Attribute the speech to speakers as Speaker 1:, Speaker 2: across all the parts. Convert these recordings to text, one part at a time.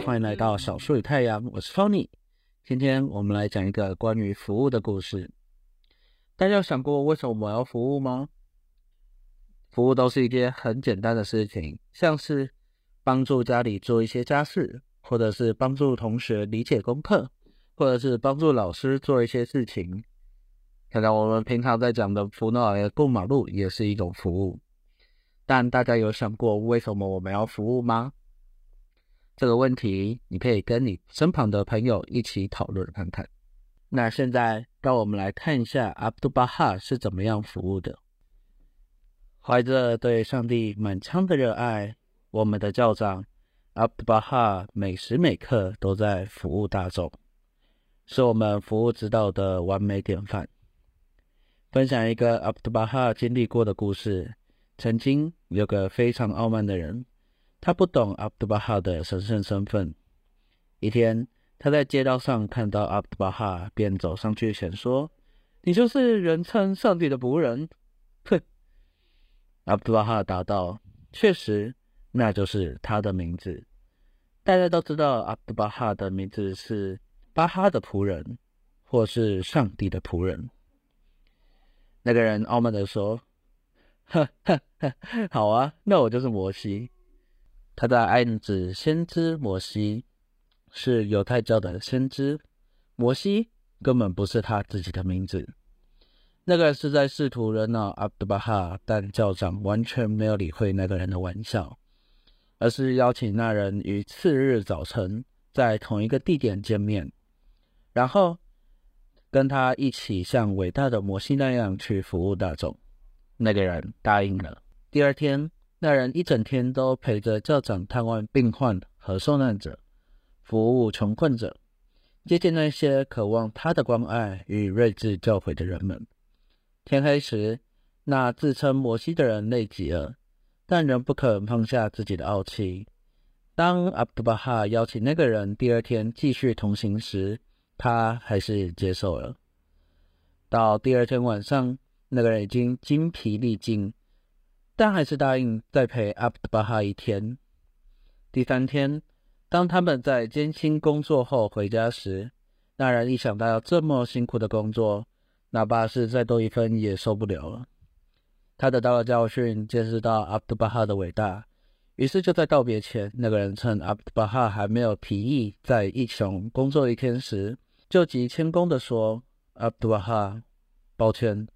Speaker 1: 歡迎來到小樹與太陽，我是 Tony。今天我們來講一個關於服務的故事。大家有想過為什麼我要服務嗎？服務都是一件很簡單的事情，像是幫助家裡做一些家事，或者是幫助同學理解功課，或者是幫助老師做一些事情。看看我們平常在講的扶老人、過馬路，也是一種服務。但大家有想過為什麼我們要服務嗎？這個問題，你可以跟你身旁的朋友一起討論看看。那現在，讓我們來看一下阿博都巴哈是怎麼樣服務的。懷着對上帝滿腔的熱愛，我們的教長阿博都巴哈每時每刻都在服務大眾，是我們服務之道的完美典範。分享一個阿博都巴哈經歷過的故事：曾經有個非常傲慢的人。他不懂阿博都巴哈的神聖身份。一天，他在街道上看到阿博都巴哈，便走上去前說：“你就是人稱上帝的僕人？”哼！阿博都巴哈答道：“確實，那就是他的名字。大家都知道，阿博都巴哈的名字是巴哈的僕人，或是上帝的僕人。”那個人傲慢地說：“哈哈，好啊，那我就是摩西。”他的兒子先知摩西是猶太教的先知，摩西根本不是他自己的名字。那個人是在試圖惹惱阿博都巴哈，但教長完全沒有理會那個人的玩笑，而是邀請那人於次日早晨在同一個地點見面，然後跟他一起像偉大的摩西那樣去服務大眾。那個人答應了。第二天。那人一整天都陪着教長探望病患和受難者，服務窮困者，接見那些渴望他的關愛與睿智教誨的人們。天黑時，那自稱摩西的人累極了，但仍不肯放下自己的傲氣。當阿博都巴哈邀請那個人第二天繼續同行時，他還是接受了。到第二天晚上，那個人已經精疲力盡。但還是答應再陪阿博都巴哈一天。第三天，當他們在艱辛工作後回家時，那人一想到要這麼辛苦的工作，哪怕是再多一分也受不了了。他得到了教訓，見識到阿博都巴哈的偉大，於是就在道別前，那個人趁阿博都巴哈還沒有提議再一窮工作一天時，就極謙恭的說：“阿博都巴哈，抱歉，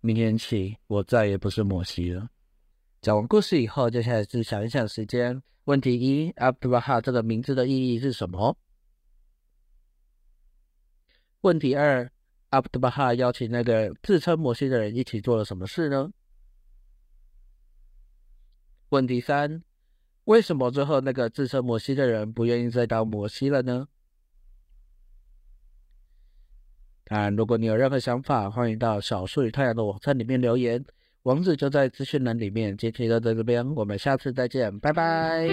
Speaker 1: 明天起我再也不是摩西了。”講完故事以後，接下來就想一想時間。問題一：阿博都巴哈這個名字的意義是什麼？問題二：阿博都巴哈邀請那個自稱摩西的人一起做了什麼事呢？問題三：為什麼最後那個自稱摩西的人不願意再當摩西了呢？當然，如果你有任何想法，歡迎到《小樹與太陽的網站裡面留言。網址就在資訊欄裡面，今天就到這邊，我們下次再見，拜拜。